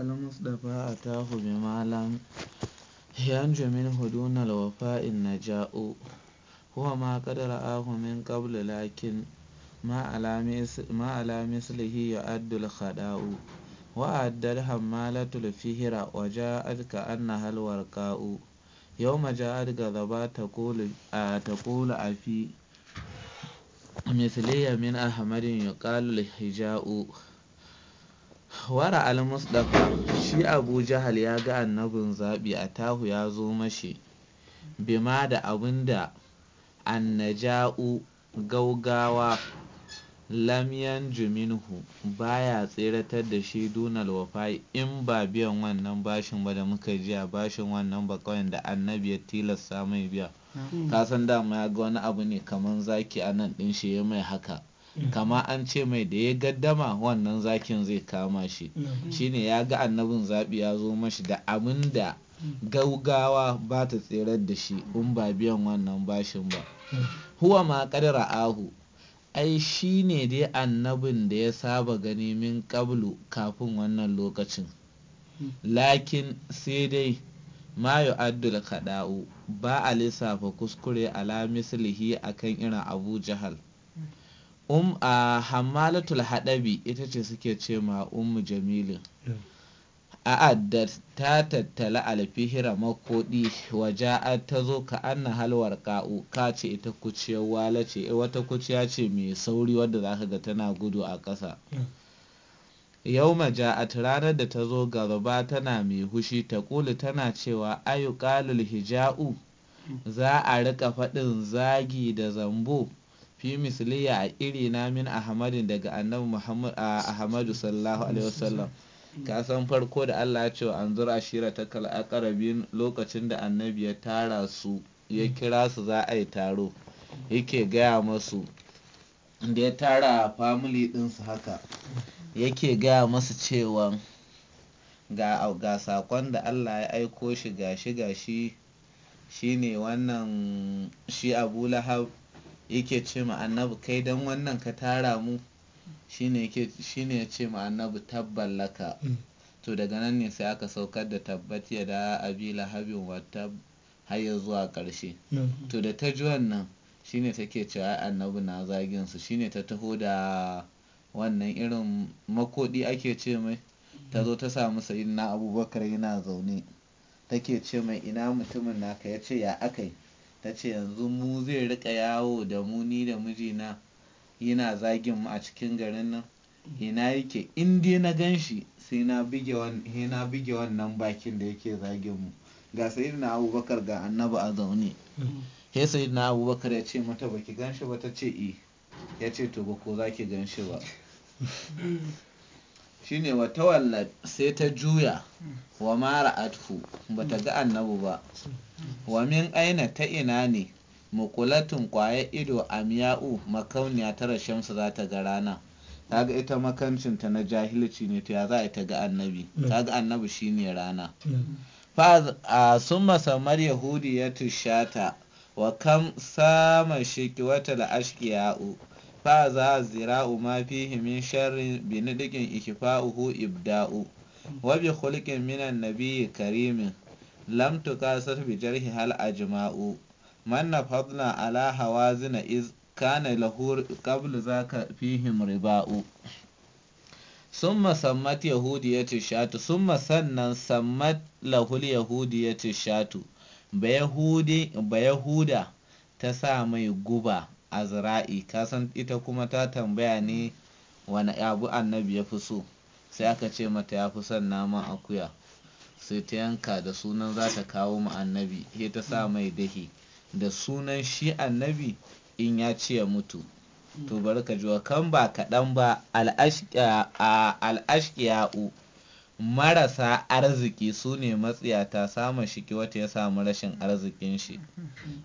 المصطفى أتاه بما لم ينج منه دون الوفاء النجاء هو ما قد رآه من قبل لكن ما على ما على مثله يعد الخداء وأعد الحمالة الفهرة وجاءت كأنها الورقاء يوم جاءت غضبا تقول آه تقول أفي مثلي من أحمد يقال الحجاء Wara al-Mustapha shi Abu Jahal ya ga annabin zaɓi a tahu ya zo mashi bima da abin da annaja'u gaugawa lam yanju minhu ba ya tseratar da shi dunal wafa'i in ba biyan wannan bashin ba da muka jiya bashin wannan ba kawai da annabi ya tilasta mai biya kasan dama ya ga wani abu ne kaman zaki a nan ɗin shi ya mai haka Mm. kama an ce mai da ya gaddama wannan zakin zai kama shi mm. shine ya ga annabin zaɓi ya zo mashi da abin da mm. gaugawa ba ta tserar da shi in ba biyan wannan bashin ba huwa ma ƙadara ahu ai shi ne dai annabin da ya saba gani min ƙablu kafin wannan lokacin lakin sai dai mayu addul kada'u ba a lissafa kuskure lihi a akan irin abu jahal um a hamalatul haɗabi ita ce suke ce ma ummu jamilin a da ta tattala alfihira makoɗi waje ta zo ka anna halwar ka'u ka ce ita kuciyar wala ce eh, wata kuciya ce mai sauri wadda za ka ga tana gudu a ƙasa yau maja'at ranar da ta zo garba tana mai hushi ta kuli tana cewa ayu hija'u mm. za a riƙa faɗin zagi da zambo fi misliya a iri na min ahamadin daga annabi muhammad sallallahu alaihi wasallam ka san farko da allah ya cewa wa zura shira ta a karabin lokacin da annabi ya tara su ya kira su za a yi taro yake gaya masu da ya tara family ɗinsu haka yake gaya masu cewa ga ga sakon da Allah ya aiko shi gashi gashi shine wannan shi Abu Lahab yake ce ma annabi kai don wannan ka tara mu ne ya ce ma annabi tabbalaka mm. to daga nan ne sai aka saukar da tabbat ya da abi lahabin wata hayo zuwa karshe mm. to da ta ji wannan ne take cewa annabi na zagin su ne ta taho da wannan irin makodi ake ce mai ta zo ta samu sayi na abubakar yana zaune take ce mai ina mutumin naka ya ce ya aka yi ta ce yanzu mu zai rika yawo da mu ni da mijina yana zagin mu a cikin garin nan ina yake in dai na gan shi sai na bige wannan bakin da yake zagin mu ga sayyidina abubakar ga annabi a zaune he sayyidina abubakar ya ce mata baki gan shi ba ta ce i eh. ya ce to ba ko za ki gan shi ba shine wa tawallat sai ta juya hmm. wa mara hmm. atfu ba ta ga annabu ba wa min aina ta ina ne mukulatun kwaye ido a miya'u makauniya tara shamsu za ta ga rana Ta ga ita makancinta na jahilci ne ta za a ta ga annabi ta hmm. annabu annabi shine rana fa sun masamar yahudi ya tushata wa kam sama shi wata da ya'u faza zira'u ma fihi min sharrin bi nidikin ikfa'uhu ibda'u wa bi khulqin minan nabiyyi karimin lam tukasar bi jarhi hal ajma'u man fadla ala hawazina iz kana lahu qabl zaka fihi riba'u summa sammat ce shatu summa sannan sammat lahul ce shatu ba yahuda ta sa mai guba azra'i kasan ita kuma ta tambaya ne wani abu annabi ya fi so sai aka ce mata ya fi son naman akuya sai ta yanka da sunan za ta kawo mu annabi ya ta sa mai dahi da sunan shi annabi in ya ce ya mutu to bari ka ji wa kan ba kaɗan ba al'ashkiya'u marasa arziki su ne matsiyata samun shi wata ya samu rashin arzikin shi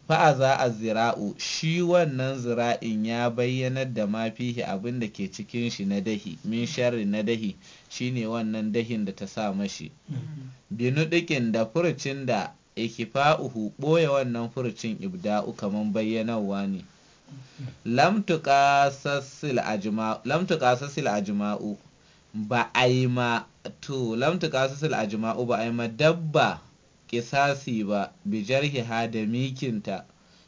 fa'aza a zira'u shi wannan zira'in ya bayyanar da mafihi abin da ke cikin shi na dahi min sharri na dahi shine wannan dahin da ta sa mashi binudikin da furcin da ikifa'uhu ɓoye wannan furcin ibda'u kamar bayyanarwa ne lamtuka sassil jima'u. ba a yi ma to lamta a jima'u ba a yi ma dabba kisasi ba bi jarhiha da mikinta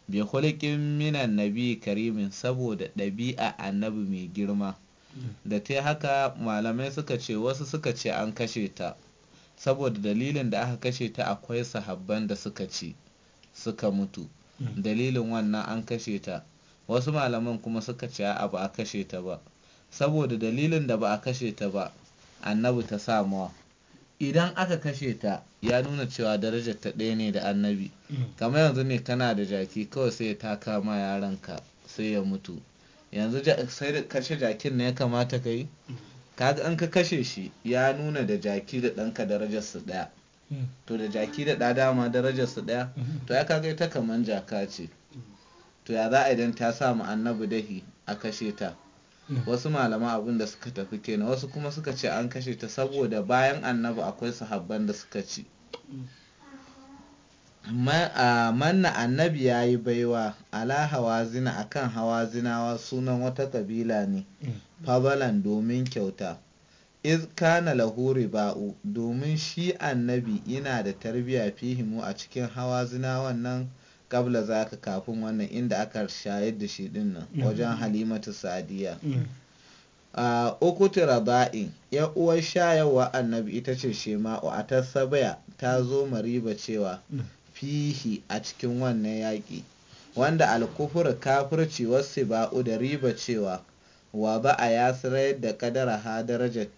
bi hulkin minan nabi karimin saboda ɗabi'a annabi mai girma da ta haka malamai suka ce wasu suka ce an kashe ta saboda dalilin da aka kashe ta akwai sahabban da suka ce suka mutu mm. dalilin wannan an kashe ta wasu malaman kuma suka ce a ba a kashe ta ba saboda dalilin da ba a kashe ta ba annabi ta samuwa idan aka kashe ta ya nuna cewa darajar ta ɗaya ne da annabi kamar yanzu ne tana da jaki kawai sai ya kama ma yaranka sai ya mutu yanzu sai da kashe jakin na ya kamata ka yi kaga an ka kashe shi ya nuna da jaki da ɗanka darajar su ɗaya to da jaki da ɗa dama darajar su ɗaya to ya kaga ita kaman jaka ce to ya za a idan ta samu annabi dahi a kashe ta Mm. wasu malaman abin da suka tafi kenan wasu kuma suka ce an kashe ta saboda bayan annabi akwai sahabban da suka ci manna annabi ya yi baiwa ala hawazina akan hawazinawa sunan wata kabila ne mm. fabalan domin kyauta iz kana lahu riba'u domin shi annabi ina da tarbiya fihimu a cikin hawazinawan nan kabla zaka kafin wannan inda aka shayar da shi din nan mm. wajen halimatu sadiya mm. a uku tirada'in ya uwar shayarwa annabi ita ce shema'u a ta sabaya ta zo mariba cewa mm. fihi a cikin wannan yaƙi wanda alkufur kafirci wasu ba'u da riba cewa wa ba a yasirayar da kadara ha darajarta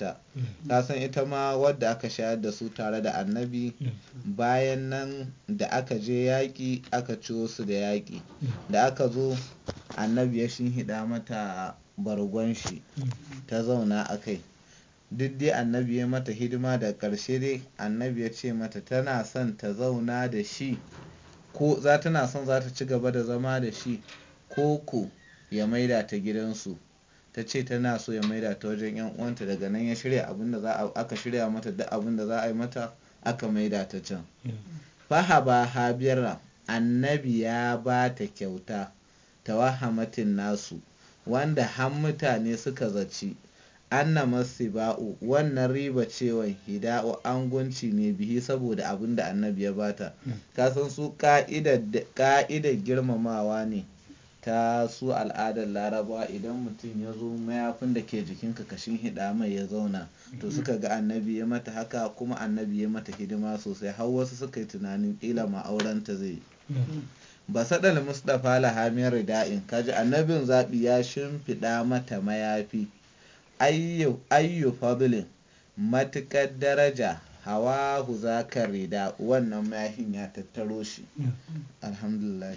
ta mm. san ita ma wadda aka shayar da su tare da annabi mm. bayan nan da aka je yaƙi aka ciwo su da yaƙi mm. da aka zo annabi ya hida mata bargon shi ta zauna a kai duk dai annabi ya mata hidima da ƙarshe dai annabi ya ce mata tana son ta zauna da shi ko za tana son za ta ci gaba da zama da shi ko ko ya maida ta gidansu ta ce tana so ya maida ta wajen yan uwanta daga nan ya shirya abin da za aka shirya mata duk abin da za a yi mata aka maida ta can ba habira annabi ya ba ta kyauta ta wahamatin nasu wanda har mutane suka zaci anna masiba'u wannan riba cewa hida'u angunci ne bihi saboda abin da annabi ya bata hmm. kasan su ka'idar girmamawa ne ta su al'adar laraba idan mutum ya zo mayafin da ke jikin kashin hida mai ya zauna to suka ga annabi ya mata haka kuma annabi ya mata hidima sosai har wasu suka yi tunanin kila ma ta zai ba mustafa mustapha rida rida'in kaji annabin zaɓi ya shimfiɗa mata mayafi ayyu fadlin matuƙar daraja hawa ka rida wannan mayafin ya tattaro shi alhamdulillah